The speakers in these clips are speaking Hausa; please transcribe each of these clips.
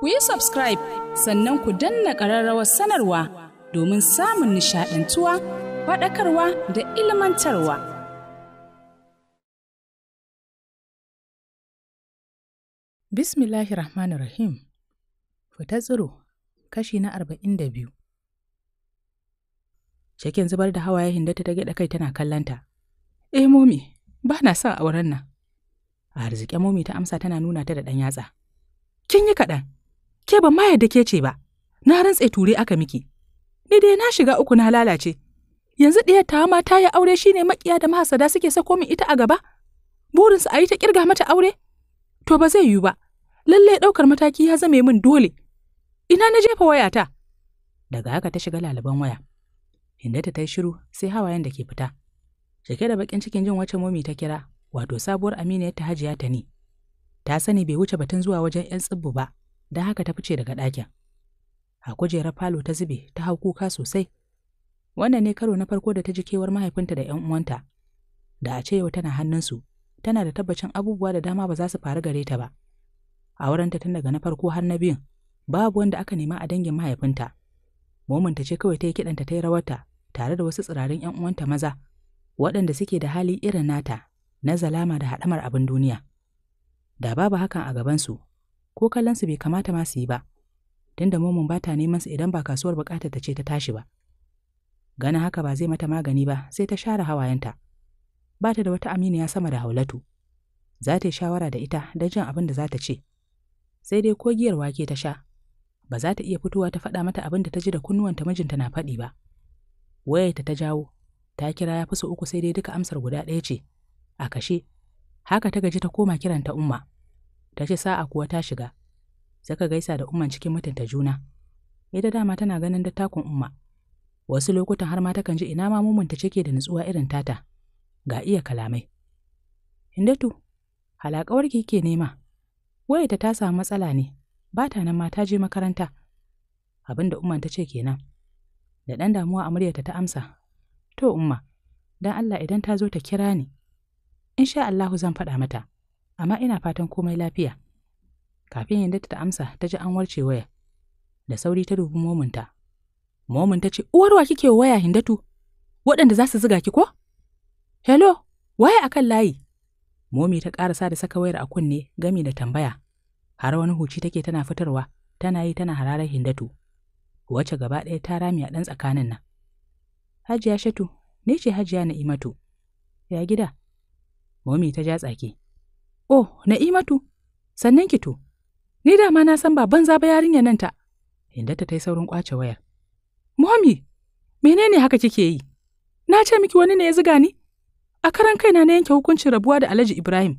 ku yi subscribe sannan ku danna ƙararrawar sanarwa domin samun nishaɗantuwa faɗakarwa da ilmantarwa. Bismillahirrahmanirrahim Rahmanir Rahim Fita tsiro kashi na arba'in da biyu Cikin zubar da hawaye hindata ta gyaɗa kai tana kallanta. Eh momi, ba na son auren nan. A arziki momi ta amsa tana nuna ta da ɗan yatsa. Kin yi kaɗan. Ke ban ma yadda ke ce ba, na rantse ture aka miki. Ni dai na shiga uku na lalace. Yanzu ɗaya ta ma ta yi aure shine makiya da mahasada suke sako min ita a gaba? Burinsu a yi ta kirga mata aure? To ba zai yiwu ba, lallai ɗaukar mataki ya zame min dole. Ina na jefa wayata? Daga haka ta shiga laliban waya. inda ta yi shiru sai hawayen da ke fita. Cike da bakin cikin jin wacce momi ta kira, wato sabuwar aminiyar ta hajiya ta ni. Ta sani bai wuce batun zuwa wajen 'yan tsibbu ba, Da haka ta fice daga ɗakin. A kujerar falo ta zube ta hau kuka sosai. Wannan ne karo na farko da ta ji kewar mahaifinta da 'yan uwanta. Da a ce yau tana hannunsu, tana da tabbacin abubuwa da dama ba za su faru gare ta ba. A wurinta tun daga na farko har na biyun, babu wanda aka nema a dangin mahaifinta. Mominta ce kawai ta yi kiɗanta ta yi rawarta tare da wasu tsirarin 'yan uwanta maza, waɗanda suke da hali irin nata na zalama da haɗamar abin duniya. Da babu hakan a gabansu, ko kallonsu bai kamata ma su yi ba, da momin ba ta neman su idan ba kasuwar bukatar ta ce ta tashi ba. Ganin haka ba zai mata magani ba sai ta share hawayenta. Ba ta da wata aminiya sama da haulatu. Za ta yi shawara da ita da jin abin da za ta ce. Sai dai ko giyar wake ta sha, ba za ta iya fitowa ta faɗa mata abin da ta ji da kunnuwanta mijinta na faɗi ba. Wayarta ta jawo, ta kira ya fi uku sai dai duka amsar guda ɗaya ce, a kashe, haka ta gaji ta koma kiranta umma. ta ce sa'a kuwa ta shiga Saka gaisa da umman cikin mutunta juna ita dama tana ganin dattakun umma wasu lokutan har ma takan ji ina ma mumunta cike da nutsuwa irin tata ga iya kalamai hindatu ki ke nema wai ta samu matsala ne ba ta nan ma ta je makaranta abin da umman ta ce kenan da ɗan damuwa a muryarta ta amsa to umma Dan Allah idan ta zo ta kira ni in sha zan faɗa mata amma ina fatan komai lafiya. Kafin yadda ta amsa ta ji an warce waya. Da sauri ta dubi momunta. momunta ta ce, Uwarwa kike waya hindatu, waɗanda za su ziga ki ko? Hello, waya kan layi. Momi ta ƙarasa da saka wayar a kunne gami da tambaya. Har wani huci take tana fitarwa, tana yi tana hararar hindatu. wace gaba ɗaya ta rami a ɗan tsakanin nan. Hajiya Shatu, ne ce Hajiya na Na'imatu. Ya gida? Momi ta ja tsaki. Oh, Na'imatu, sannan ki to, ni da ma na san ba zaba yarinya yarinyar nan ta. Hindata ta yi saurin kwace wayar. Mami, menene haka kike yi? Na ce miki wani ne ya ziga ni? A karan kaina na yanke hukuncin rabuwa da Alhaji Ibrahim,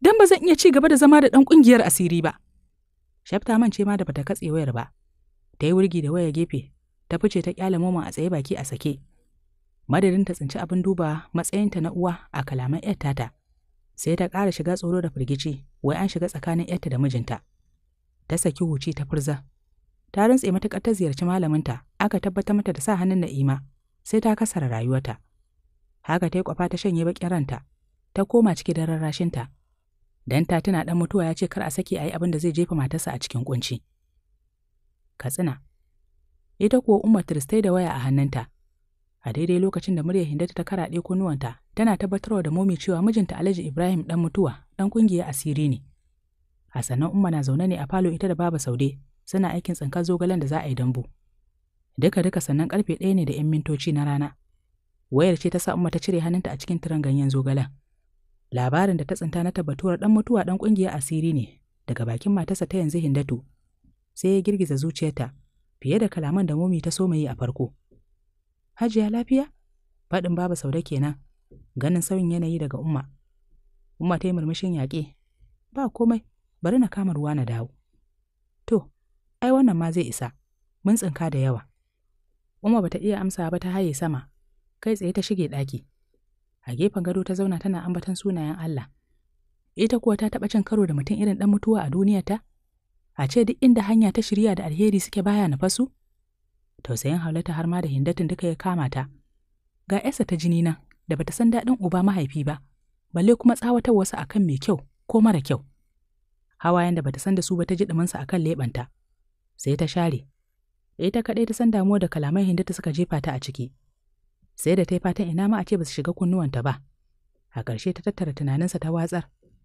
don ba zan iya ci gaba da zama da ɗan ƙungiyar asiri ba. Shafta man ce ma da bata katse wayar ba, ta yi wurgi da waya gefe, ta fice ta ƙyale moman a tsaye baki a sake. Madadin ta tsinci abin duba matsayinta na uwa a kalaman ‘yar tata. sai ta ƙara shiga tsoro da firgici wai an shiga tsakanin yarta da mijinta ta saki huci ta furza ta rantse matuƙar ta ziyarci malaminta aka tabbatar mata da sa hannun na'ima sai ta kasara rayuwarta haka ta yi kwafa ta shanye baƙin ranta ta koma cikin da rashinta. dan ta tana dan mutuwa ya ce kar a saki a yi abin da zai jefa matarsa a cikin kunci katsina ita kuwa umma tristai da waya a hannunta a daidai lokacin da murya hindata ta karaɗe kunnuwanta tana tabbatarwa da momi cewa mijinta alhaji ibrahim dan mutuwa dan kungiya asiri ne a sannan umma na zaune ne a falo ita da baba saude suna aikin tsinkar zogalen da za a yi dambu duka duka sannan karfe ɗaya ne da yan mintoci na rana wayar ce ta sa umma ta cire hannunta a cikin tiran ganyen zogalen labarin da ta tsinta na tabbatuwar dan mutuwa dan kungiya asiri ne daga bakin matarsa ta yanzu hindatu sai ya girgiza zuciyarta fiye da kalaman da momi ta so mai a farko. Hajiya lafiya? Faɗin Baba Sauda kenan. Ganin sauyin yanayi daga Umma. Umma ta yi murmushin yaƙe. Ba komai, bari na kama ruwa na dawo. To, ai wannan ma zai isa. Mun tsinka da yawa. Umma bata iya amsa ba ta haye sama. Kai tsaye ta shige ɗaki. A gefen gado ta zauna tana ambaton sunayen Allah. Ita kuwa ta taɓa cin karo da mutum irin ɗan mutuwa a duniyarta? ta? a ce duk inda hanya ta shirya da alheri suke baya na fasu? tausayin Haulata har ma da hindatin duka ya kama ta. Ga ‘yarsa ta jini nan da bata san daɗin uba mahaifi ba, balle kuma tsawatar wasu akan mai kyau ko mara kyau. Hawayen da bata san da su ba ta ji ɗumansa akan leɓanta, sai ta share. ta kaɗai ta san damuwa da kalaman hindata suka jefa ta a ciki. Sai da ta yi fatan ina ma a ce ba su shiga kunnuwanta ba. A ƙarshe ta tattara tunaninsa ta watsar,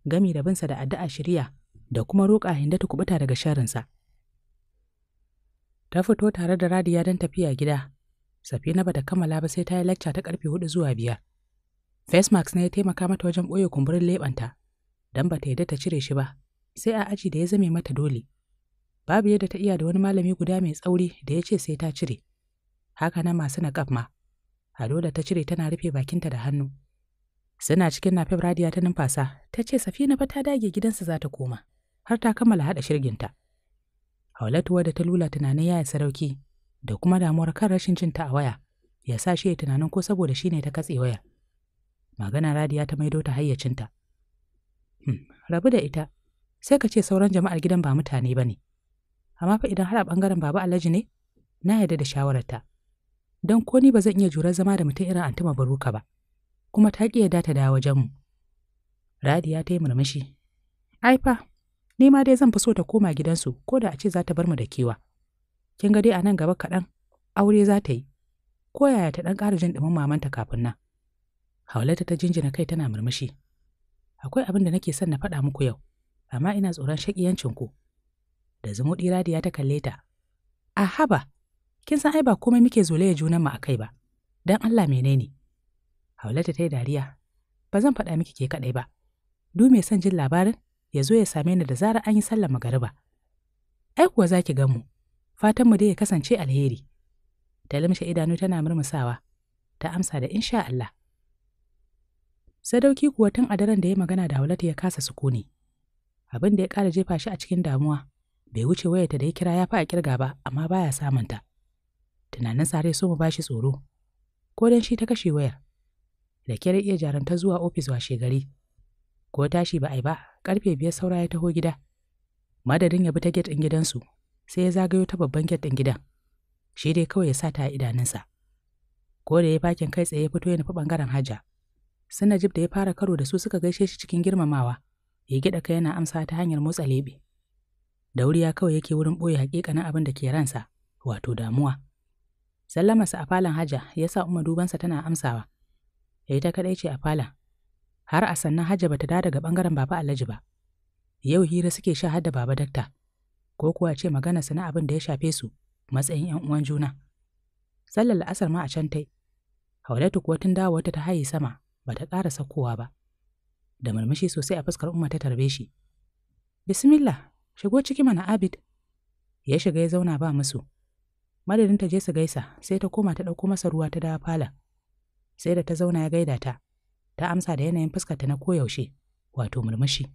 gami da binsa da addu'a shirya da kuma roƙa hindata kubuta daga sharrinsa. ta fito tare da radiya don tafiya gida. Safina bata kammala ba sai ta yi lacca ta karfe hudu zuwa biyar. Face mask ne ya taimaka mata wajen ɓoye kumburin leɓanta, don bata yadda ta cire shi ba, sai a aji da ya zame mata dole. Babu yadda ta iya da wani malami guda mai tsauri da ya ce sai ta cire. Haka na masu naƙaf ma. A dole ta cire tana rufe bakinta da hannu. Suna cikin nafib radiya ta numfasa, ta ce Safina fa ta dage gidansa za ta koma, har ta kammala haɗa shirginta. Haulatuwa da ta lula tunanin yaya sarauki da kuma damuwar kan rashin cinta a waya ya sa shi ya tunanin ko saboda shi ne ta katse waya. Magana radiya ta maido ta hayyacinta. Hmm, rabu da ita, sai ka ce sauran jama'ar gidan ba mutane ba ne. Amma fa idan har a ɓangaren baba alhaji ne, na yarda da shawararta. Don ko ni ba zan iya jurar zama da mutum irin antuma baruka ba, kuma ta ƙi yarda ta dawo wajenmu. Radiya ta yi murmushi. Ai fa, Ni ma dai zan fi so ta koma gidansu ko da a ce za ta bar mu da kewa. Kin ga dai a nan gaba kaɗan aure za ta yi. Ko yaya ta ɗan ƙara jin ɗumin mamanta kafin nan. Haulata ta jinjina kai tana murmushi. Akwai abin da nake son na faɗa muku yau, amma ina tsoron shaƙiyancin ku. Da zumuɗi radiya ta kalle ta. A haba, kin san ai ba komai muke zolaya mu a kai ba. Don Allah menene? Haulata ta yi dariya. Ba zan faɗa miki ke kaɗai ba. Du mai son jin labarin? ya zo ya same ni da zarar an yi sallar magariba. Ai kuwa za ki gamu, mu dai ya kasance alheri. Ta limshe idanu tana murmusawa, ta amsa da insha Allah. Sadauki kuwa tun a daren da ya magana da Hawlatu ya kasa sukuni. Abin da ya ƙara jefa shi a cikin damuwa, bai wuce wayarta da ya kira ya fi a kirga ba, amma baya samun ta Tunanin sare so mu bashi tsoro, ko don shi ta kashe wayar. Da kyar iya jaranta zuwa ofis washe gari. ko tashi ba a yi ba karfe biyar saura ya taho gida madadin ya bi ta get ɗin gidansu sai ya zagayo ta babban get din gidan shi dai kawai ya sa ta a idanunsa ko da ya fakin kai tsaye ya fito ya nufi ɓangaren hajja suna jib da ya fara karo da su suka gaishe shi cikin girmamawa ya gida kai yana amsa ta hanyar motsa leɓe da wuri ya kawai yake wurin ɓoye hakikanin abin da ke ransa wato damuwa sallamarsa a falon hajja ya sa umma dubansa tana amsawa ya yi ta kaɗai ce a falon har a sannan hajja bata da daga ɓangaren baba alhaji ba yau hira suke sha har da baba dakta ko kuwa ce magana sana abin da ya shafe su matsayin yan uwan juna sallar la'asar ma a can tai haulatu kuwa tun dawo wata ta haye sama bata ƙara sakkowa ba da murmushi sosai a fuskar umma ta tarbe shi bismillah shigo ciki mana abid ya shiga ya zauna ba musu madadin ta je su gaisa sai ta koma ta ɗauko masa ruwa ta dawo fala sai da ta zauna ya gaida ta ta amsa da yanayin fuskarta na koyaushe, wato murmushi.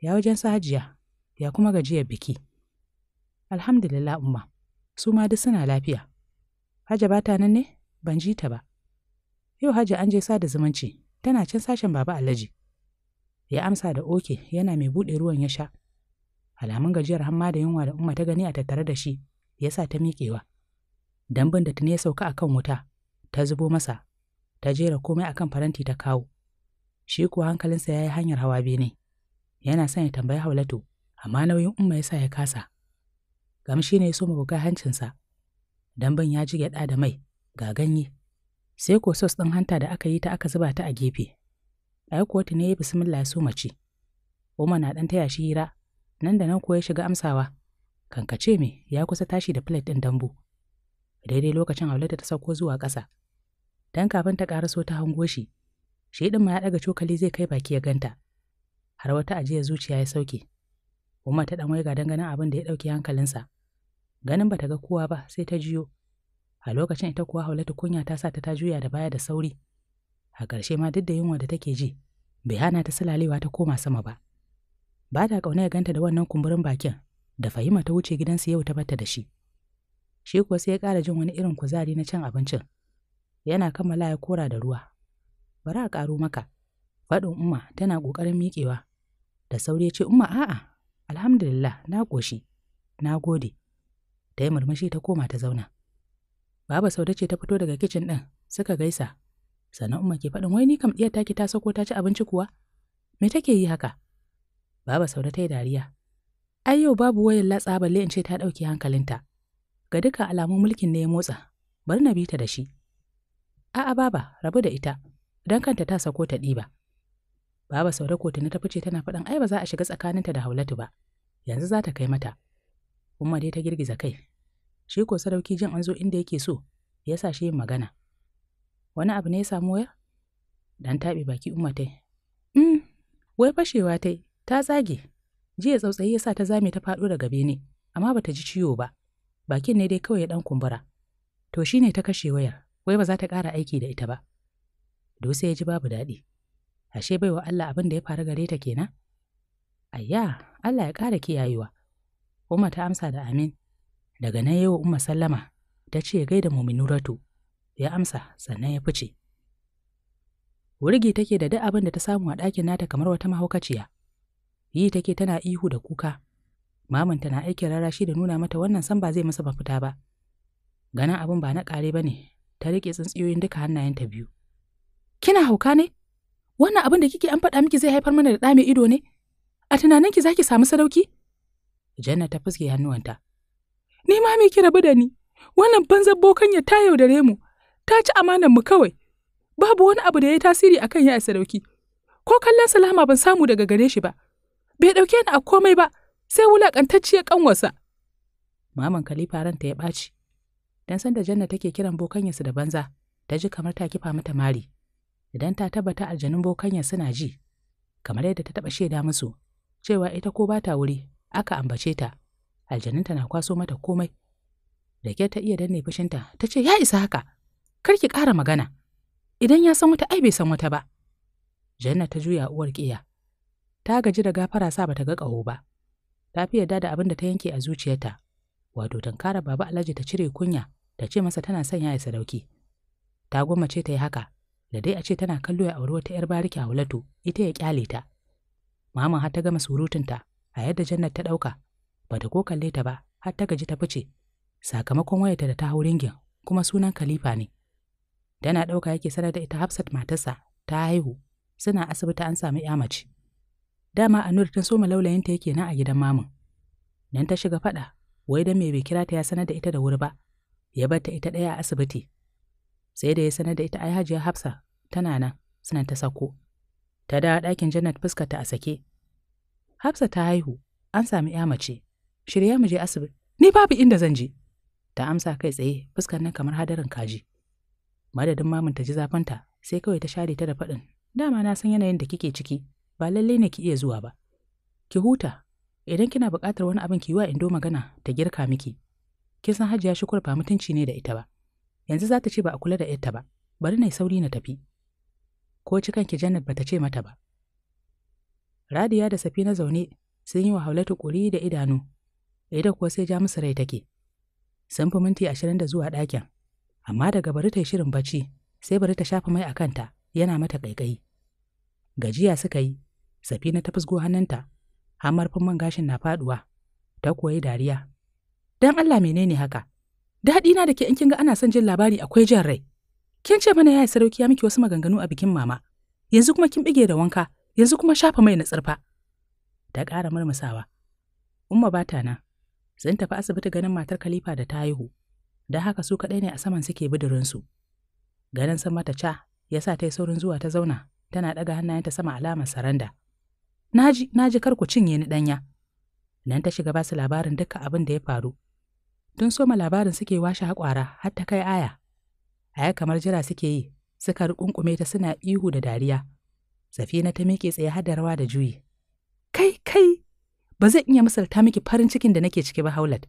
Ya wajen Hajiya, ya kuma gajiyar biki. Alhamdulillah umma, su ma duk suna lafiya. Hajja bata ta nan ne? Ban ji ta ba. Yau Hajja an je sa da zumunci, tana can sashen baba Alhaji. Ya amsa da oke yana mai buɗe ruwan ya sha. Alamun gajiyar hamma da yunwa da umma ta gani a tattare da shi, ya sa ta miƙewa. Dambun da ta ne sauka akan wuta, ta zubo masa ta jera komai akan faranti ta kawo. Shi kuwa hankalinsa ya yi hanyar hawa bene. Yana son ya tambayi Haulatu, amma nauyin umma ya sa ya kasa. Gamshi ne ya so mabuga hancinsa. Dambun ya ji gyaɗa da mai, ga ganye. Sai ko sos ɗin hanta da aka yi ta aka zuba ta a gefe. Ai kuwa ne ya bismillah ya so mace. Umma na ɗan taya shi hira, nan da nan ko ya shiga amsawa. Kankace me ya kusa tashi da plate ɗin dambu. Daidai lokacin Haulatu ta sauko zuwa ƙasa. Dan kafin ta ƙaraso ta hango shi, shi ɗin ma ya ɗaga cokali zai kai baki ya ganta. Har wata ajiya zuciya ya sauke. Umma ta ɗan waiga don ganin abin da ya ɗauki hankalinsa. Ganin ba ta ga kowa ba sai ta jiyo. A lokacin ita kuwa Haulatu kunya ta sa ta ta juya da baya da sauri. A ƙarshe ma duk da yunwa da take ji, bai hana ta sulalewa ta koma sama ba. Ba ta ƙauna ya ganta da wannan kumburin bakin, da fahima ta wuce gidansu yau ta bata da shi. Shi kuwa sai ya ƙara jin wani irin kuzari na cin abincin. yana kammala ya kora da ruwa bari a ƙaro maka faɗin umma tana ƙoƙarin miƙewa da sauri ya ce umma a'a alhamdulillah na ƙoshi na gode da ya murmushi ta koma ta zauna baba sauda ce ta fito daga kicin ɗin suka gaisa sannan umma ke faɗin wai ni kam ɗiyar taki ta sako ta ci abinci kuwa me take yi haka baba sauda ta yi dariya ai yau babu wayan latsa balle in ce ta ɗauke hankalinta ga duka alamun mulkin ne ya motsa bari na bi ta da shi A'a baba, rabu da ita, don kanta ta sako ta ɗiba. Baba Saude ko ta fice tana faɗan ai ba za a shiga tsakaninta da Haulatu ba, yanzu za ta kai mata. Umma dai ta girgiza kai. Shi ko sarauki jin an zo inda yake so, ya sa shi yin magana. Wani abu ne ya samu wayar? Dan taɓe baki Umma tai. Mm, wai fashewa tai, ta zage. Jiya tsautsayi ya sa ta zame ta faɗo daga bene, amma bata ji ciwo ba. Bakin ne dai kawai ya ɗan kumbura. To shi ne ta kashe wayar. wai ba za ta ƙara aiki da ita ba. Dose ya ji babu daɗi. Ashe baiwa Allah abin da ya faru gare ta kenan? Ayya, Allah ya ƙara kiyayewa. Umma ta amsa da amin. Daga nan yawa Umma sallama, ta ce ya gaida muminuratu. Ya amsa, sannan ya fice. Wurgi take da duk abin da ta samu a ɗakin nata kamar wata mahaukaciya. Yi take tana ihu da kuka. Mamun tana aikin rarashi da nuna mata wannan san ba zai masa mafita ba. Ganin abin ba na ƙare ba ne, ta rike tsintsiyoyin duka hannayenta biyu. Kina hauka ne? Wannan abin da kike an faɗa miki zai haifar mana da ɗa ido ne? A tunaninki za ki samu sadauki? Janna ta fuske hannuwanta. Ni ma me ki rabu da ni? Wannan banzan bokan ya ta yaudare mu. Ta ci amanan mu kawai. Babu wani abu da ya tasiri akan ya sadauki. Ko kallon salama ban samu daga gare shi ba. Bai ɗauke ni a komai ba, sai wulaƙantacciyar ƙanwarsa. Maman Khalifa ranta ya ɓaci. don sanda janna take kiran bokanyarsu da banza ta ji kamar ta kifa mata mari idan ta tabbata aljanin bokanyar suna ji kamar yadda ta taɓa shaida musu cewa ita ko ba ta wuri aka ambace ta Aljaninta na kwaso mata komai rake ta iya danne fushinta ta ce ya isa haka kar ki ƙara magana idan ya san wata ai bai san wata ba janna ta juya uwar ƙiya ta gaji da gafara sa bata ga ƙaho ba ta fi yarda da abin da ta yanke a zuciyarta wato tankara baba alhaji ta cire kunya ta ce masa tana son ya sadauki ta gwammace ta yi haka da dai a ce tana kallo ya auri wata 'yar bariki a wulatu, ita ya kyale ta maman har ta gama surutunta a yadda jannat ta ɗauka ba ta ko kalle ta ba har ta gaji ta fice sakamakon wayarta da ta hau ringin kuma sunan khalifa ne tana ɗauka yake sanar da ita hafsat matarsa ta haihu suna asibiti an samu ya mace dama anur tun so laulayin ta yake nan a gidan mamun. nan ta shiga faɗa wai don me bai kira ta ya sanar da ita da wuri ba, ya bar ta ita ɗaya a asibiti. Sai da ya sanar da ita ai hajiya Hafsa tana nan, suna ta sako. Ta dawo ɗakin janet fuskar ta a sake. Hafsa ta haihu, an sami ya mace. Shirya mu je asibiti. Ni babu inda zan je. Ta amsa kai tsaye, fuskar nan kamar hadarin kaji. Madadin mamin ta ji ta sai kawai ta share ta da faɗin. Dama na san yanayin da kike ciki, ba lallai ne ki iya zuwa ba. Ki huta, Idan kina buƙatar wani abin ki yi wa Indo magana ta girka miki. Kin san Hajiya Shukur ba mutunci ne da ita ba. Yanzu za ta ce ba a kula da ita ba. Bari na yi sauri na tafi. Ko cikan ki Jannat ta ce mata ba. Radiya da Safina zaune sun yi wa Haulatu ƙuri da idanu. Ida kuwa sai ja musu rai take. Sun fi minti ashirin da zuwa ɗakin. Amma daga bari ta yi shirin bacci sai bari ta shafa mai a kanta yana mata ƙaiƙayi. Gajiya suka yi, Safina ta fusgo hannunta har marfin man gashin na faduwa ta koyi dariya dan Allah menene haka daɗi na da ke in kin ga ana son jin labari akwai jin rai kin ce mana yayi sarauki ya miki wasu maganganu a bikin mama yanzu kuma kin bige da wanka yanzu kuma shafa mai na tsirfa ta ƙara murmusawa umma bata na. sun tafi asibiti ganin matar khalifa da ta haihu da haka su kaɗai ne a saman suke su ganin san mata ca yasa sa ta yi saurin zuwa ta zauna tana ɗaga hannayenta sama alamar saranda Naji, naji kar ku cinye ni ɗanya. Nan ta shiga basu labarin dukkan abin da ya faru. Tun soma labarin suke washe haƙwara har ta kai aya. Aya kamar jira suke yi, suka riƙunƙume ta suna ihu da dariya. Safina ta miƙe tsaye har da rawa da juyi. Kai, kai, ba zan iya misalta miki farin cikin da nake ciki ba Haulat.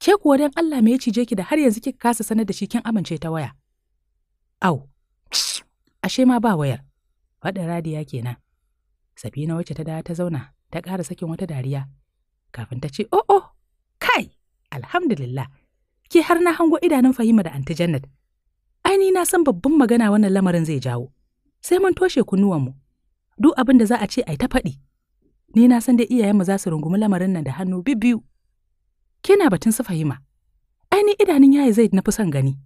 Ke kuwa dan Allah me ya cije ki da har yanzu kika kasa sanar da shi kin amince ta waya. Au, ashe ma ba wayar. Faɗin radiya kenan. Sabina wacce ta dawo ta zauna ta ƙara sakin wata dariya kafin ta ce oh oh kai alhamdulillah ke har na hango idanun fahima da anti Jannat aini na san babban magana wannan lamarin zai jawo sai mun toshe kunnuwan mu. duk abin da za a ce ai ta faɗi ni na san dai iyayenmu za su rungumi lamarin nan da hannu biyu kina batun su fahima aini idanun yayi zai na fi son gani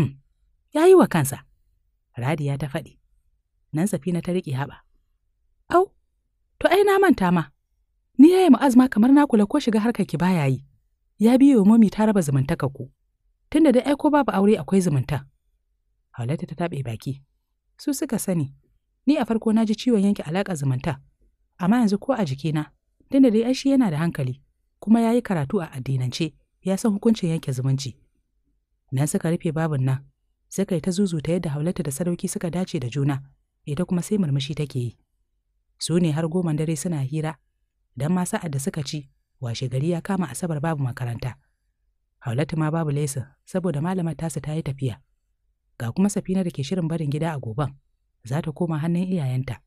hmm. ya yi wa kansa radiya ta faɗi nan safina ta riƙe haɓa Au, to ai na manta ma, ni yaya ma'azma kamar na kula ko shiga harkar ki baya yi, ya biyo mami ta raba zamantaka ku, tunda da aiko babu aure akwai zumunta. Halatta ta taɓe baki, su suka sani, ni a farko na ji ciwon yanke alaƙa zumunta, amma yanzu ko a jikina, tunda dai ai shi yana da hankali, kuma ya yi karatu a addinance, ya san hukuncin yanke zumunci. Nan suka rufe babun nan, suka yi ta zuzuta yadda Hawlata da Sadauki suka dace da juna, ita kuma sai murmushi take yi. su ne har goma dare suna hira don ma sa'ad da suka ci washe gari ya kama asabar babu makaranta haulatu ma babu lesin saboda malamar tasu ta yi tafiya ga kuma safina da ke shirin barin gida a goban za ta koma hannun iyayenta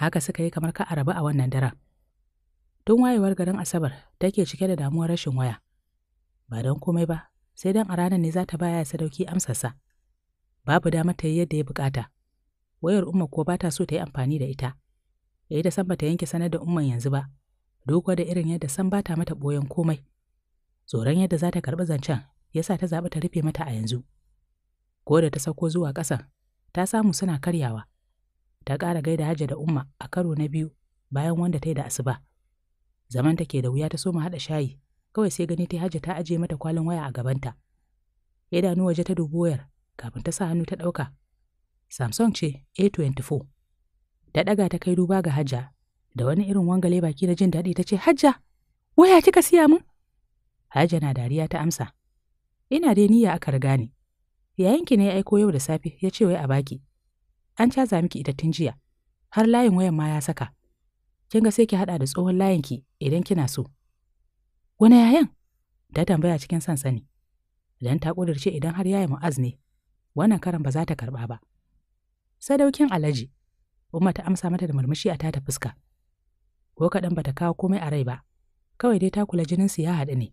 haka suka yi kamar ka araba a wannan daren tun wayewar garin asabar take cike da damuwar rashin waya ba don komai ba sai don a ranar ne za ta baya sadauki amsarsa babu damar ta yi yadda ya bukata wayar umma ko ba ta so ta yi amfani da ita ya yi da san bata yanke sanar da umman yanzu ba, duk da irin yadda san bata mata boyen komai. Tsoron yadda za ta karɓi zancen ya sa ta zaɓi ta rufe mata a yanzu. Ko da ta sauko zuwa ƙasan, ta samu suna karyawa. Ta ƙara gaida hajja da umma a karo na biyu bayan wanda ta yi da asuba. Zaman ta ke da wuya ta soma haɗa shayi, kawai sai gani ta hajja ta ajiye mata kwalin waya a gabanta. Idanu waje ta dubu wayar kafin ta sa hannu ta ɗauka. Samsung ce A24. ta ɗaga ta kai duba ga hajja da wani irin wangale baki na jin daɗi ta ce hajja waya kika siya min hajja na dariya ta amsa ina dai niyya aka riga ni ki ne ya aiko yau da safe ya ce wai a baki an caza miki ita jiya har layin wayan ma ya saka kin ga sai ki haɗa da tsohon layin ki idan kina so wani yayan ta tambaya cikin son sani dan ta ƙudirce idan har yayi mu'az wannan karan ba za ta karɓa ba sadaukin alaji Umma ta amsa mata da murmushi a tata fuska. Ko kaɗan bata kawo komai a rai ba, kawai dai ta kula jininsu ya haɗu ne.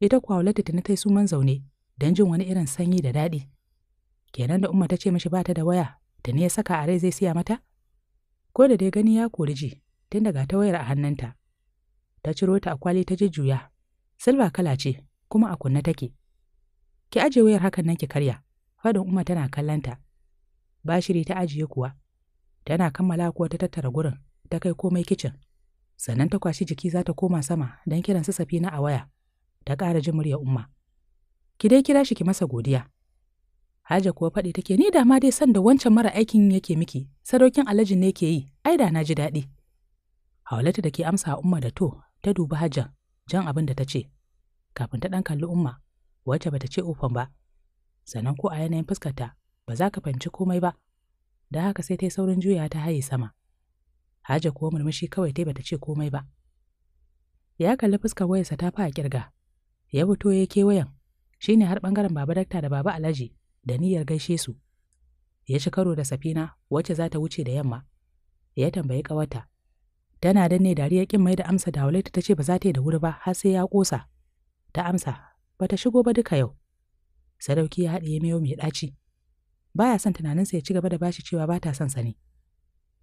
Ita kuwa Aulatu tuni ta yi suman zaune don jin wani irin sanyi da daɗi. Kenan da Umma ta ce mishi bata da waya, da ne ya saka a rai zai siya mata? Ko da dai gani ya kori ji, tun daga ta wayar a hannunta. Ta ciro ta a kwali ta jujjuya. Silba kala ce, kuma a kunne take. Ki aje wayar hakan nan ki karya, fadin Umma tana kallanta. Bashiri ta ajiye kuwa, tana kammala kuwa ta tattara gurin ta kai komai kicin sannan ta kwashi jiki za ta koma sama don kiran su safina a waya ta ƙara jin murya umma ki dai kira shi ki masa godiya Haja kuwa faɗi take ni dama dai san da wancan mara aikin yake miki sadaukin alajin ne ke yi ai da na ji daɗi haulatu da ke amsa umma da to ta dubi Hajjan jan abin da ta ce kafin ta ɗan kalli umma wacce ba ta ce ofan ba sannan ko a yanayin fuskarta ba za ka fahimci komai ba da haka sai ta yi saurin juya ta haye sama. Haja kuwa murmushi kawai ta bata ce komai ba. Ya kalli fuskar wayarsa ta fa a kirga. Ya fito ya kewayen, shi ne har ɓangaren baba dakta da baba alhaji da niyyar gaishe su. Ya ci karo da safina wacce za ta wuce da yamma. Ya tambayi ƙawarta. Tana danne dariya ƙin mai da amsa da Hawalaita ta ce ba za ta yi da wuri ba har sai ya ƙosa. Ta amsa, Bata shigo ba duka yau. Sadauki ya haɗe ya miyo mai ɗaci. baya son tunaninsa ya ci gaba da bashi cewa ba ta son sa ne.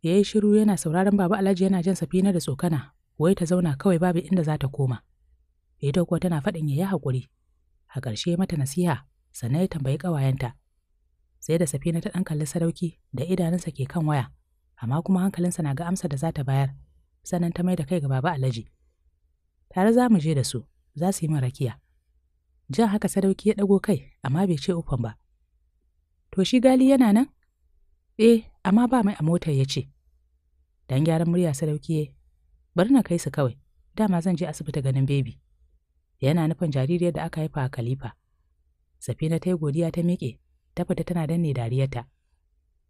Ya yi shiru yana sauraron Baba Alhaji yana jan safina da tsokana, wai ta zauna kawai babu inda za ta koma. Ita kuwa tana faɗin ya yi haƙuri. A ƙarshe mata nasiha, sannan ya tambayi ƙawayenta. Sai da safina ta ɗan kalli sadauki da idanunsa ke kan waya, amma kuma hankalinsa na ga amsa da za ta bayar, sannan ta mai da kai ga Baba Alhaji. Tare za mu je da su, za su yi min rakiya. Jan haka sadauki ya ɗago kai, amma bai ce ufan ba. To shi gali yana nan? Eh, amma ba mai a motar ya ce. Dan gyaran murya sadauki bari na kai su kawai, dama zan je asibiti ganin bebi. Yana nufin jaririyar da aka haifa a Khalifa. Safina ta yi godiya ta miƙe, ta fita tana danne dariyarta.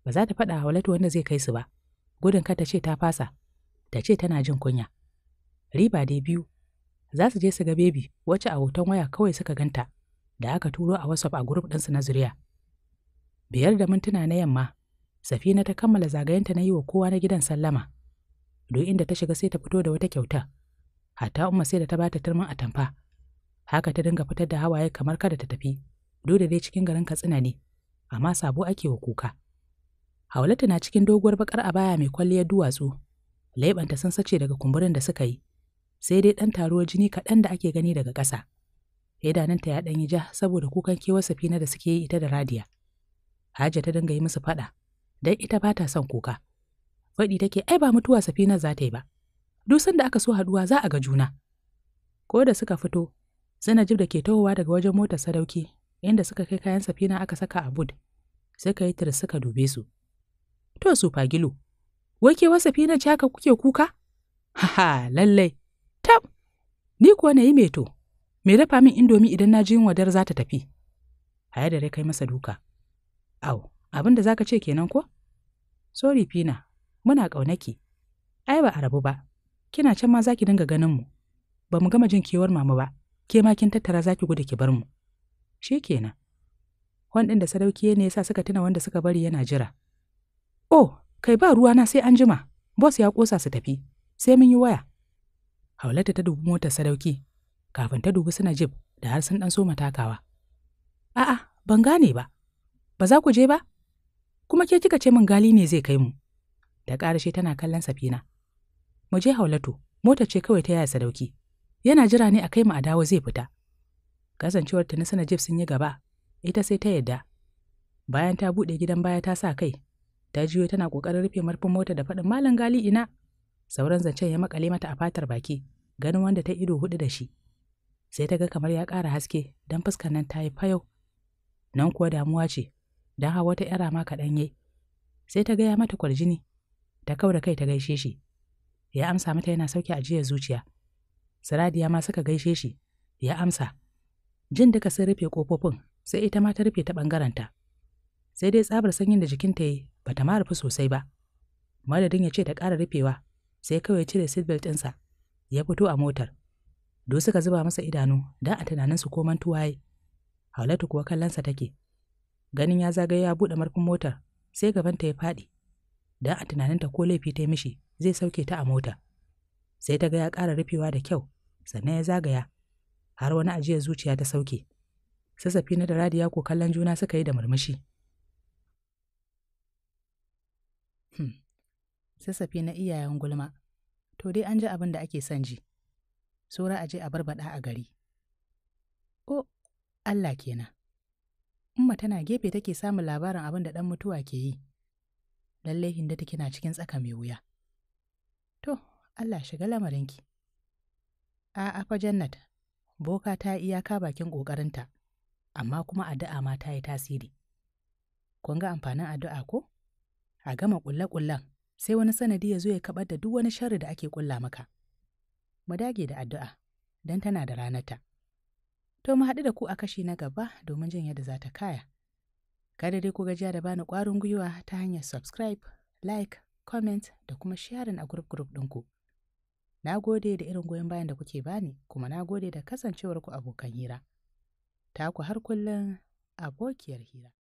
Ba za ta faɗa Hawlatu wanda zai kai su ba, gudun kar ta ce ta fasa, ta ce tana jin kunya. Riba dai biyu, za su je su ga bebi wacce a hoton waya kawai suka ganta, da aka turo a WhatsApp a grup ɗinsu na zuriya. biyar da mintuna na yamma safina ta kammala zagayenta na yi wa kowa na gidan sallama duk inda ta shiga sai ta fito da wata kyauta hatta umma sai da ta bata turmin atamfa haka ta dinga fitar da hawaye kamar kada ta tafi duk da dai cikin garin katsina ne amma sabo ake wa kuka haulatu na cikin doguwar bakar a baya mai kwalliyar duwatsu laibanta sun sace daga kumburin da suka yi sai dai dan taruwar jini kaɗan da ake gani daga ƙasa ta ya ɗan yi ja saboda kukan kewar safina da suke yi ita da radiya Hajiya ta dinga yi musu faɗa, don ita ba ta son kuka. Faɗi take ai ba mutuwa safina za ta yi ba. Duk sanda aka so haɗuwa za a ga juna. Ko da suka fito, Zainajib da ke tahowa daga wajen motar sadauki, inda suka kai kayan safina aka saka a bud, suka yi tiris suka dube su. To su fagilo, wai ke wasa fina ce haka kuke kuka? Haha, lallai. Tab, ni kuwa na yi meto, me dafa min indomi idan na ji yin wadar za ta tafi. Haya da kai masa duka. Au, abin da za ka ce kenan ko? Sorry Fina, muna ƙaunaki. Ai ba a rabu ba, kina can ma za ki dinga ganin mu. Ba mu gama jin kewar mamu ba, ke ma kin tattara za ki gudu ki bar mu. Shi kenan. ɗin da sadauki ne yasa suka tuna wanda suka bari yana jira. Oh, kai ba ruwa na sai an jima, bos ya ƙosa su tafi, sai mun yi waya. Haulata ta dubi motar sadauki, kafin ta dubi suna jib da har sun ɗan so matakawa. A'a, ban gane ba, Ba za ku je ba? Kuma ke kika ce min gali ne zai kai mu. Da ƙarashe tana kallon safina. Mu je haulatu, mota ce kawai ta yaya dauki Yana jira ne a kai mu a dawo zai fita. Kasancewar ta na sana sun yi gaba, ita sai ta yadda. Bayan ta buɗe gidan baya ta sa kai, ta jiyo tana ƙoƙarin rufe marfin mota da faɗin malam gali ina. Sauran zancen ya makale mata a fatar baki, ganin wanda ta ido hudu da shi. Sai ta ga kamar ya ƙara haske don fuskar nan ta yi fayau. Nan kuwa damuwa ce, don hawa ta ‘yara ma kaɗan yai. Sai ta gaya mata kwarjini, ta kau da kai ta gaishe shi. Ya amsa mata yana sauke ajiyar zuciya. Saradiya ma suka gaishe shi, ya amsa. Jin duka sun rufe ƙofofin, sai ita ma ta rufe ta ɓangarenta. Sai dai tsabar sanyin da jikinta yi ba ta ma rufe sosai ba. Madadin ya ce ta ƙara rufewa, sai kawai cire seatbelt ɗinsa, ya fito a motar. Do suka zuba masa idanu don a tunaninsu ko mantuwa yi. Haulatu kuwa kallonsa take. ganin ya zagaye ya buɗe marfin motar sai gabanta ya faɗi dan a tunaninta ko laifi ta mishi zai sauke ta a mota sai ta ga ya ƙara rufewa da kyau sannan ya zagaya har wani ajiyar zuciya ta sauke sassafi na da radiya ko kallon juna suka yi da murmushi hmm, sassafi na iyayen gulma to dai an ji abin da ake son ji sora aje a barbaɗa a gari o oh, allah kenan Umma tana gefe take samun labarin abin da ɗan mutuwa ke yi. Lallai take na cikin tsaka mai wuya. To, Allah shiga lamarinki. A'a fa Jannat, boka ta iyaka bakin ƙoƙarinta, amma kuma addu'a ma ta yi tasiri. Kun ga amfanin addu'a ko? A gama ƙulle-ƙullen, sai wani sanadi ya zo ya kaɓar da duk wani sharri da ake ƙulla maka. Mu dage da addu'a, don tana da ranarta. To mu haɗu da ku a kashi na gaba domin jin yadda za ta kaya. Kada dai ku gajiya da bani ƙwarin gwiwa ta hanyar subscribe, like, comment da kuma sharin a group group ɗinku. Na gode da irin goyon bayan da kuke bani kuma na gode da kasancewarku abokan hira. Ta Taku har kullum abokiyar hira.